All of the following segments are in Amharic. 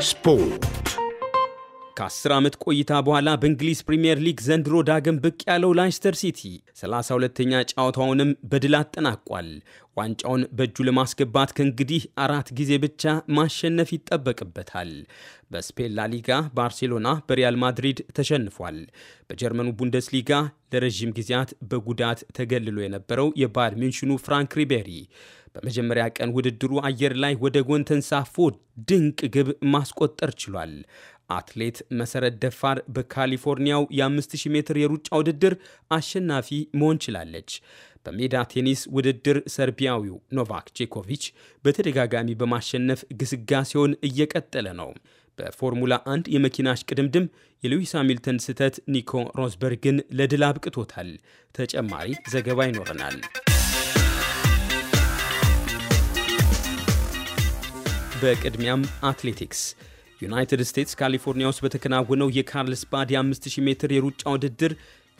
Sport. ከ10 ዓመት ቆይታ በኋላ በእንግሊዝ ፕሪምየር ሊግ ዘንድሮ ዳግም ብቅ ያለው ላይስተር ሲቲ 32ኛ ጨዋታውንም በድል አጠናቋል። ዋንጫውን በእጁ ለማስገባት ከእንግዲህ አራት ጊዜ ብቻ ማሸነፍ ይጠበቅበታል። በስፔን ላሊጋ ባርሴሎና በሪያል ማድሪድ ተሸንፏል። በጀርመኑ ቡንደስሊጋ ለረዥም ጊዜያት በጉዳት ተገልሎ የነበረው የባየር ሚንሽኑ ፍራንክ ሪቤሪ በመጀመሪያ ቀን ውድድሩ አየር ላይ ወደ ጎን ተንሳፎ ድንቅ ግብ ማስቆጠር ችሏል። አትሌት መሰረት ደፋር በካሊፎርኒያው የ5000 ሜትር የሩጫ ውድድር አሸናፊ መሆን ችላለች። በሜዳ ቴኒስ ውድድር ሰርቢያዊው ኖቫክ ጄኮቪች በተደጋጋሚ በማሸነፍ ግስጋሴውን እየቀጠለ ነው። በፎርሙላ 1 የመኪና እሽቅድምድም የሉዊስ ሃሚልተን ስህተት ኒኮ ሮዝበርግን ለድል አብቅቶታል። ተጨማሪ ዘገባ ይኖረናል። በቅድሚያም አትሌቲክስ ዩናይትድ ስቴትስ ካሊፎርኒያ ውስጥ በተከናወነው የካርልስባድ የ5000 ሜትር የሩጫ ውድድር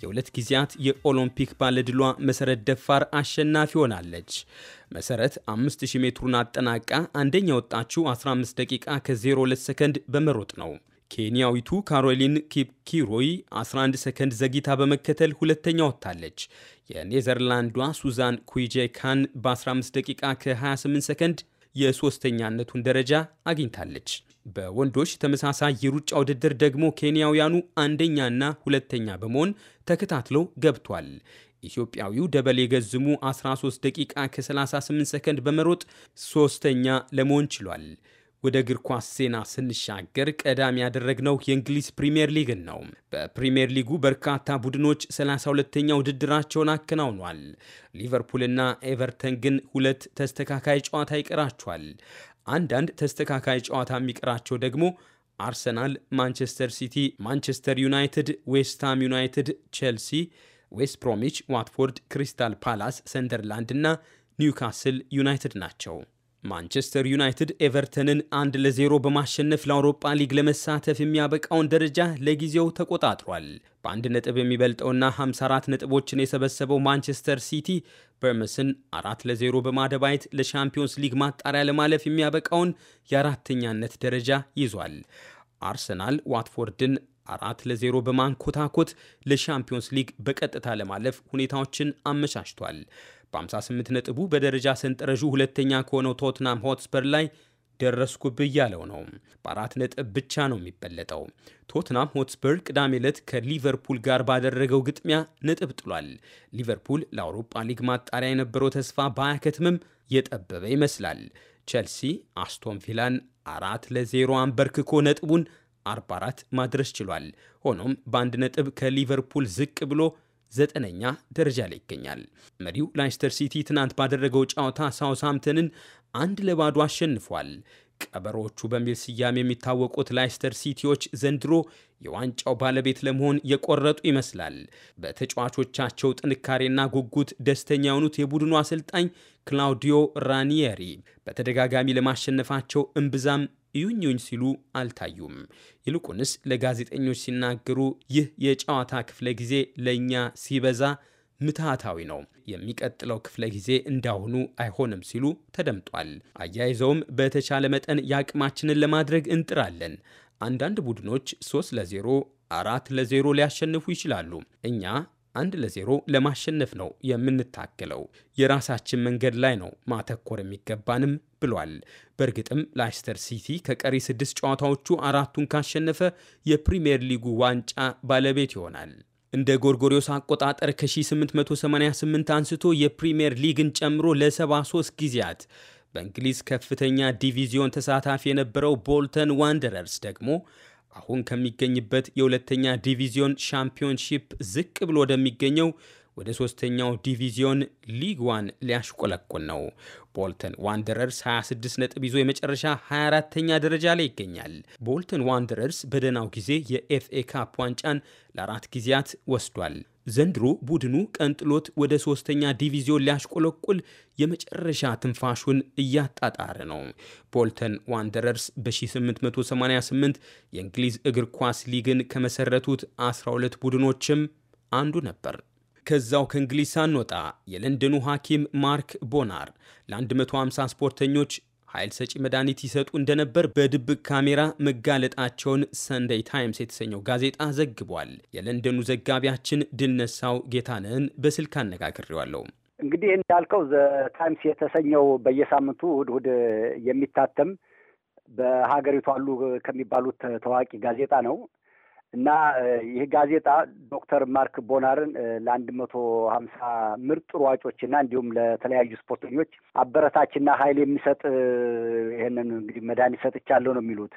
የሁለት ጊዜያት የኦሎምፒክ ባለድሏ መሰረት ደፋር አሸናፊ ሆናለች። መሰረት 5000 ሜትሩን አጠናቃ አንደኛ ወጣችው 15 ደቂቃ ከ02 ሰከንድ በመሮጥ ነው። ኬንያዊቱ ካሮሊን ኪፕኪሮይ 11 ሰከንድ ዘግይታ በመከተል ሁለተኛ ወጥታለች። የኔዘርላንዷ ሱዛን ኩጄካን በ15 ደቂቃ ከ28 ሰከንድ የሦስተኛነቱን ደረጃ አግኝታለች። በወንዶች ተመሳሳይ የሩጫ ውድድር ደግሞ ኬንያውያኑ አንደኛና ሁለተኛ በመሆን ተከታትለው ገብቷል። ኢትዮጵያዊው ደበሌ ገዝሙ 13 ደቂቃ ከ38 ሰከንድ በመሮጥ ሶስተኛ ለመሆን ችሏል። ወደ እግር ኳስ ዜና ስንሻገር ቀዳሚ ያደረግነው የእንግሊዝ ፕሪምየር ሊግን ነው። በፕሪምየር ሊጉ በርካታ ቡድኖች 32 ኛ ውድድራቸውን አከናውኗል። ሊቨርፑልና ኤቨርተን ግን ሁለት ተስተካካይ ጨዋታ ይቀራቸዋል። አንዳንድ ተስተካካይ ጨዋታ የሚቀራቸው ደግሞ አርሰናል፣ ማንቸስተር ሲቲ፣ ማንቸስተር ዩናይትድ፣ ዌስትሃም ዩናይትድ፣ ቼልሲ፣ ዌስት ብሮሚች፣ ዋትፎርድ፣ ክሪስታል ፓላስ፣ ሰንደርላንድ እና ኒውካስል ዩናይትድ ናቸው። ማንቸስተር ዩናይትድ ኤቨርተንን አንድ ለዜሮ በማሸነፍ ለአውሮፓ ሊግ ለመሳተፍ የሚያበቃውን ደረጃ ለጊዜው ተቆጣጥሯል። በአንድ ነጥብ የሚበልጠውና 54 ነጥቦችን የሰበሰበው ማንቸስተር ሲቲ በርመስን አራት ለዜሮ በማደባየት ለሻምፒዮንስ ሊግ ማጣሪያ ለማለፍ የሚያበቃውን የአራተኛነት ደረጃ ይዟል። አርሰናል ዋትፎርድን አራት ለዜሮ በማንኮታኮት ለሻምፒዮንስ ሊግ በቀጥታ ለማለፍ ሁኔታዎችን አመቻችቷል። በ58 ነጥቡ በደረጃ ሰንጠረዡ ሁለተኛ ከሆነው ቶትናም ሆትስፐር ላይ ደረስኩብ እያለው ነው። በአራት ነጥብ ብቻ ነው የሚበለጠው። ቶትናም ሆትስፐር ቅዳሜ ዕለት ከሊቨርፑል ጋር ባደረገው ግጥሚያ ነጥብ ጥሏል። ሊቨርፑል ለአውሮፓ ሊግ ማጣሪያ የነበረው ተስፋ ባያከትምም የጠበበ ይመስላል። ቼልሲ አስቶን ቪላን አራት ለዜሮ አንበርክኮ ነጥቡን 44 ማድረስ ችሏል። ሆኖም በአንድ ነጥብ ከሊቨርፑል ዝቅ ብሎ ዘጠነኛ ደረጃ ላይ ይገኛል። መሪው ላይስተር ሲቲ ትናንት ባደረገው ጨዋታ ሳውስሃምተንን አንድ ለባዶ አሸንፏል። ቀበሮቹ በሚል ስያሜ የሚታወቁት ላይስተር ሲቲዎች ዘንድሮ የዋንጫው ባለቤት ለመሆን የቆረጡ ይመስላል። በተጫዋቾቻቸው ጥንካሬና ጉጉት ደስተኛ የሆኑት የቡድኑ አሰልጣኝ ክላውዲዮ ራኒየሪ በተደጋጋሚ ለማሸነፋቸው እምብዛም እዩኝዩኝ ሲሉ አልታዩም። ይልቁንስ ለጋዜጠኞች ሲናገሩ ይህ የጨዋታ ክፍለ ጊዜ ለእኛ ሲበዛ ምትሃታዊ ነው። የሚቀጥለው ክፍለ ጊዜ እንዳሁኑ አይሆንም ሲሉ ተደምጧል። አያይዘውም በተቻለ መጠን የአቅማችንን ለማድረግ እንጥራለን። አንዳንድ ቡድኖች 3 ለ0፣ አራት ለዜሮ ሊያሸንፉ ይችላሉ። እኛ አንድ ለዜሮ ለማሸነፍ ነው የምንታገለው። የራሳችን መንገድ ላይ ነው ማተኮር የሚገባንም ብሏል። በእርግጥም ላይስተር ሲቲ ከቀሪ ስድስት ጨዋታዎቹ አራቱን ካሸነፈ የፕሪምየር ሊጉ ዋንጫ ባለቤት ይሆናል። እንደ ጎርጎሪዮስ አቆጣጠር ከ1888 አንስቶ የፕሪምየር ሊግን ጨምሮ ለ73 ጊዜያት በእንግሊዝ ከፍተኛ ዲቪዚዮን ተሳታፊ የነበረው ቦልተን ዋንደረርስ ደግሞ አሁን ከሚገኝበት የሁለተኛ ዲቪዚዮን ሻምፒዮንሺፕ ዝቅ ብሎ ወደሚገኘው ወደ ሶስተኛው ዲቪዚዮን ሊግ ዋን ሊያሽቆለቁል ነው። ቦልተን ዋንደረርስ 26 ነጥብ ይዞ የመጨረሻ 24ተኛ ደረጃ ላይ ይገኛል። ቦልተን ዋንደረርስ በደናው ጊዜ የኤፍኤ ካፕ ዋንጫን ለአራት ጊዜያት ወስዷል። ዘንድሮ ቡድኑ ቀንጥሎት ወደ ሶስተኛ ዲቪዚዮን ሊያሽቆለቁል የመጨረሻ ትንፋሹን እያጣጣረ ነው። ቦልተን ዋንደረርስ በ1888 የእንግሊዝ እግር ኳስ ሊግን ከመሰረቱት 12 ቡድኖችም አንዱ ነበር። ከዛው ከእንግሊዝ ሳንወጣ የለንደኑ ሐኪም ማርክ ቦናር ለ150 ስፖርተኞች ኃይል ሰጪ መድኃኒት ይሰጡ እንደነበር በድብቅ ካሜራ መጋለጣቸውን ሰንደይ ታይምስ የተሰኘው ጋዜጣ ዘግቧል። የለንደኑ ዘጋቢያችን ድልነሳው ጌታነህን በስልክ አነጋግሬዋለሁ። እንግዲህ እንዳልከው ዘ ታይምስ የተሰኘው በየሳምንቱ እሁድ እሑድ የሚታተም በሀገሪቱ አሉ ከሚባሉት ታዋቂ ጋዜጣ ነው። እና ይህ ጋዜጣ ዶክተር ማርክ ቦናርን ለአንድ መቶ ሀምሳ ምርጥ ሯጮችና እንዲሁም ለተለያዩ ስፖርተኞች አበረታችና ኃይል የሚሰጥ ይህንን እንግዲህ መድኃኒት ሰጥቻለሁ ነው የሚሉት።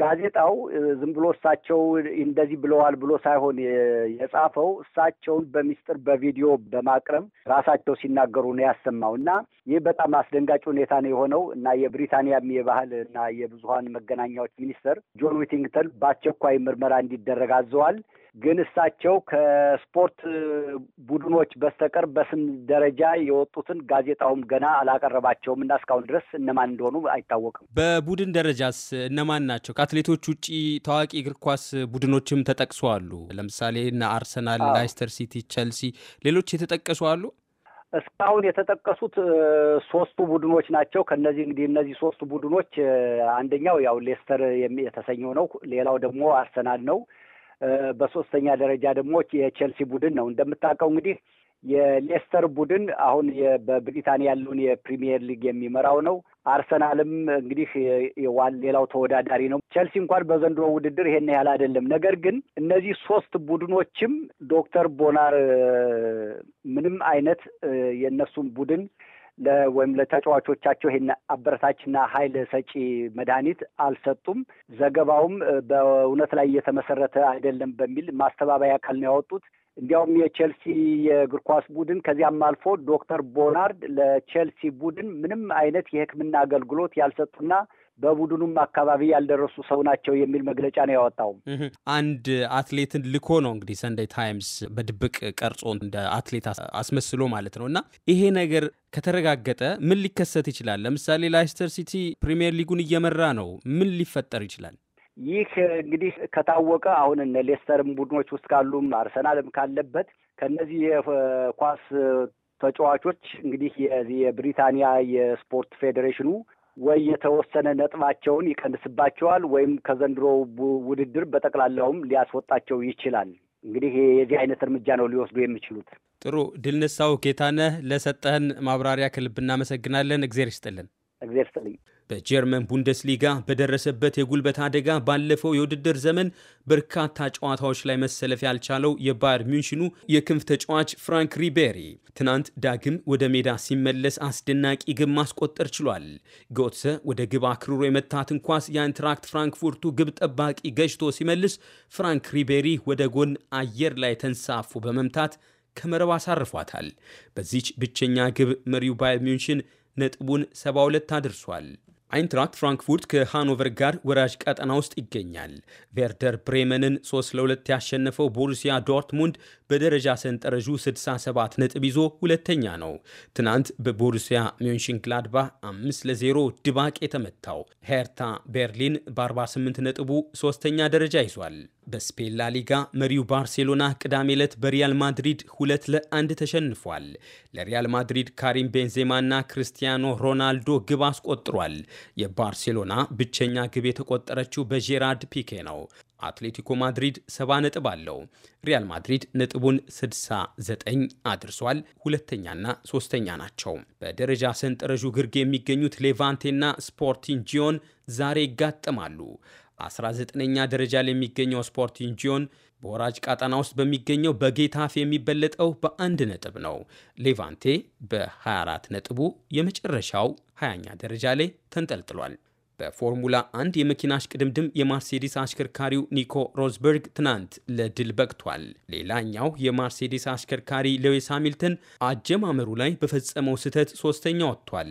ጋዜጣው ዝም ብሎ እሳቸው እንደዚህ ብለዋል ብሎ ሳይሆን የጻፈው እሳቸውን በሚስጥር በቪዲዮ በማቅረብ ራሳቸው ሲናገሩ ነው ያሰማው እና ይህ በጣም አስደንጋጭ ሁኔታ ነው የሆነው እና የብሪታንያም የባህል እና የብዙሀን መገናኛዎች ሚኒስተር ጆን ዊቲንግተን በአስቸኳይ ምርመራ እንዲደረግ አዘዋል። ግን እሳቸው ከስፖርት ቡድኖች በስተቀር በስም ደረጃ የወጡትን ጋዜጣውም ገና አላቀረባቸውም እና እስካሁን ድረስ እነማን እንደሆኑ አይታወቅም። በቡድን ደረጃስ እነማን ናቸው? ከአትሌቶች ውጭ ታዋቂ እግር ኳስ ቡድኖችም ተጠቅሶ አሉ። ለምሳሌ እነ አርሰናል፣ ላይስተር ሲቲ፣ ቸልሲ፣ ሌሎች የተጠቀሱ አሉ። እስካሁን የተጠቀሱት ሶስቱ ቡድኖች ናቸው። ከነዚህ እንግዲህ እነዚህ ሶስቱ ቡድኖች አንደኛው ያው ሌስተር የተሰኘው ነው። ሌላው ደግሞ አርሰናል ነው። በሶስተኛ ደረጃ ደግሞ የቼልሲ ቡድን ነው። እንደምታውቀው እንግዲህ የሌስተር ቡድን አሁን በብሪታንያ ያለውን የፕሪሚየር ሊግ የሚመራው ነው። አርሰናልም እንግዲህ ሌላው ተወዳዳሪ ነው። ቼልሲ እንኳን በዘንድሮ ውድድር ይሄን ያህል አይደለም። ነገር ግን እነዚህ ሶስት ቡድኖችም ዶክተር ቦናር ምንም አይነት የእነሱን ቡድን ወይም ለተጫዋቾቻቸው ይሄን አበረታችና ኃይል ሰጪ መድኃኒት አልሰጡም። ዘገባውም በእውነት ላይ እየተመሰረተ አይደለም በሚል ማስተባበያ አካል ነው ያወጡት። እንዲያውም የቼልሲ የእግር ኳስ ቡድን ከዚያም አልፎ ዶክተር ቦናርድ ለቼልሲ ቡድን ምንም አይነት የሕክምና አገልግሎት ያልሰጡና በቡድኑም አካባቢ ያልደረሱ ሰው ናቸው የሚል መግለጫ ነው ያወጣው። አንድ አትሌትን ልኮ ነው እንግዲህ ሰንደይ ታይምስ በድብቅ ቀርጾ እንደ አትሌት አስመስሎ ማለት ነው እና ይሄ ነገር ከተረጋገጠ ምን ሊከሰት ይችላል? ለምሳሌ ላይስተር ሲቲ ፕሪሚየር ሊጉን እየመራ ነው። ምን ሊፈጠር ይችላል? ይህ እንግዲህ ከታወቀ አሁን እነ ሌስተርም ቡድኖች ውስጥ ካሉም አርሰናልም ካለበት ከእነዚህ የኳስ ተጫዋቾች እንግዲህ የብሪታንያ የስፖርት ፌዴሬሽኑ ወይ የተወሰነ ነጥባቸውን ይቀንስባቸዋል ወይም ከዘንድሮ ውድድር በጠቅላላውም ሊያስወጣቸው ይችላል። እንግዲህ የዚህ አይነት እርምጃ ነው ሊወስዱ የሚችሉት። ጥሩ ድልነሳው ጌታነህ ለሰጠህን ማብራሪያ ከልብ እናመሰግናለን። እግዜር ይስጥልን። እግዜር ይስጥልኝ። በጀርመን ቡንደስሊጋ በደረሰበት የጉልበት አደጋ ባለፈው የውድድር ዘመን በርካታ ጨዋታዎች ላይ መሰለፍ ያልቻለው የባየር ሚንሽኑ የክንፍ ተጫዋች ፍራንክ ሪቤሪ ትናንት ዳግም ወደ ሜዳ ሲመለስ አስደናቂ ግብ ማስቆጠር ችሏል። ጎትሰ ወደ ግብ አክርሮ የመታትን ኳስ የአንትራክት ፍራንክፉርቱ ግብ ጠባቂ ገጭቶ ሲመልስ ፍራንክ ሪቤሪ ወደ ጎን አየር ላይ ተንሳፎ በመምታት ከመረብ አሳርፏታል። በዚች ብቸኛ ግብ መሪው ባየር ሚንሽን ነጥቡን 72 አድርሷል። አይንትራክት ፍራንክፉርት ከሃኖቨር ጋር ወራጅ ቀጠና ውስጥ ይገኛል። ቬርደር ብሬመንን 3 ለ2 ያሸነፈው ቦሩሲያ ዶርትሙንድ በደረጃ ሰንጠረዡ 67 ነጥብ ይዞ ሁለተኛ ነው። ትናንት በቦሩሲያ ሚንሽንግላድባ 5 ለ0 ድባቅ የተመታው ሄርታ ቤርሊን በ48 ነጥቡ ሶስተኛ ደረጃ ይዟል። በስፔን ላሊጋ መሪው ባርሴሎና ቅዳሜ ዕለት በሪያል ማድሪድ ሁለት ለአንድ ተሸንፏል። ለሪያል ማድሪድ ካሪም ቤንዜማና ክርስቲያኖ ሮናልዶ ግብ አስቆጥሯል። የባርሴሎና ብቸኛ ግብ የተቆጠረችው በጄራርድ ፒኬ ነው። አትሌቲኮ ማድሪድ 70 ነጥብ አለው። ሪያል ማድሪድ ነጥቡን 69 አድርሷል። ሁለተኛና ሶስተኛ ናቸው። በደረጃ ሰንጠረዡ ግርጌ የሚገኙት ሌቫንቴና ስፖርቲንጂዮን ዛሬ ይጋጠማሉ። 19ኛ ደረጃ ላይ የሚገኘው ስፖርቲንግ ሊዮን በወራጅ ቀጠና ውስጥ በሚገኘው በጌታፍ የሚበለጠው በአንድ ነጥብ ነው። ሌቫንቴ በ24 ነጥቡ የመጨረሻው 20ኛ ደረጃ ላይ ተንጠልጥሏል። በፎርሙላ አንድ የመኪና እሽቅድምድም የማርሴዲስ አሽከርካሪው ኒኮ ሮዝበርግ ትናንት ለድል በቅቷል። ሌላኛው የማርሴዲስ አሽከርካሪ ሌዊስ ሃሚልተን አጀማመሩ ላይ በፈጸመው ስህተት ሶስተኛ ወጥቷል።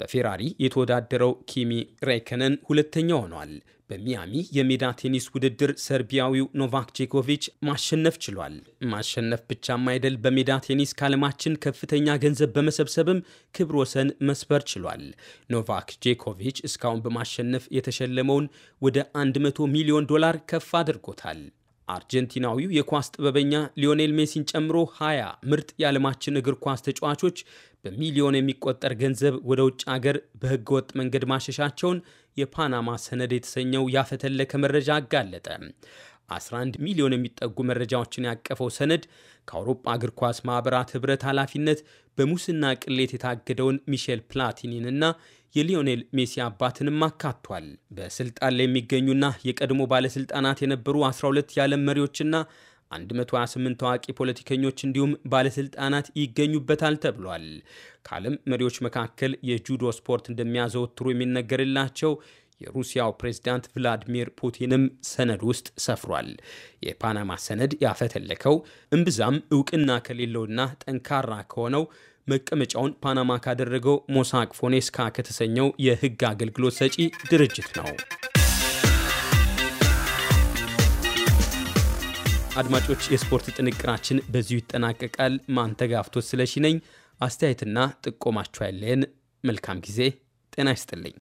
በፌራሪ የተወዳደረው ኪሚ ሬከነን ሁለተኛ ሆኗል። በሚያሚ የሜዳ ቴኒስ ውድድር ሰርቢያዊው ኖቫክ ጄኮቪች ማሸነፍ ችሏል። ማሸነፍ ብቻም አይደል፣ በሜዳ ቴኒስ ከዓለማችን ከፍተኛ ገንዘብ በመሰብሰብም ክብረ ወሰን መስበር ችሏል። ኖቫክ ጄኮቪች እስካሁን በማሸነፍ የተሸለመውን ወደ 100 ሚሊዮን ዶላር ከፍ አድርጎታል። አርጀንቲናዊው የኳስ ጥበበኛ ሊዮኔል ሜሲን ጨምሮ 20 ምርጥ የዓለማችን እግር ኳስ ተጫዋቾች በሚሊዮን የሚቆጠር ገንዘብ ወደ ውጭ አገር በህገወጥ መንገድ ማሸሻቸውን የፓናማ ሰነድ የተሰኘው ያፈተለከ መረጃ አጋለጠ። 11 ሚሊዮን የሚጠጉ መረጃዎችን ያቀፈው ሰነድ ከአውሮፓ እግር ኳስ ማኅበራት ኅብረት ኃላፊነት በሙስና ቅሌት የታገደውን ሚሼል ፕላቲኒንና የሊዮኔል ሜሲ አባትንም አካቷል። በስልጣን ላይ የሚገኙና የቀድሞ ባለስልጣናት የነበሩ 12 የዓለም መሪዎችና 128 ታዋቂ ፖለቲከኞች እንዲሁም ባለስልጣናት ይገኙበታል ተብሏል። ከዓለም መሪዎች መካከል የጁዶ ስፖርት እንደሚያዘወትሩ የሚነገርላቸው የሩሲያው ፕሬዝዳንት ቭላዲሚር ፑቲንም ሰነድ ውስጥ ሰፍሯል። የፓናማ ሰነድ ያፈተለከው እምብዛም እውቅና ከሌለውና ጠንካራ ከሆነው መቀመጫውን ፓናማ ካደረገው ሞሳቅ ፎኔስካ ከተሰኘው የሕግ አገልግሎት ሰጪ ድርጅት ነው። አድማጮች፣ የስፖርት ጥንቅራችን በዚሁ ይጠናቀቃል። ማንተጋፍቶት ስለሺ ነኝ። አስተያየትና ጥቆማችሁ ያለን መልካም ጊዜ። ጤና ይስጥልኝ።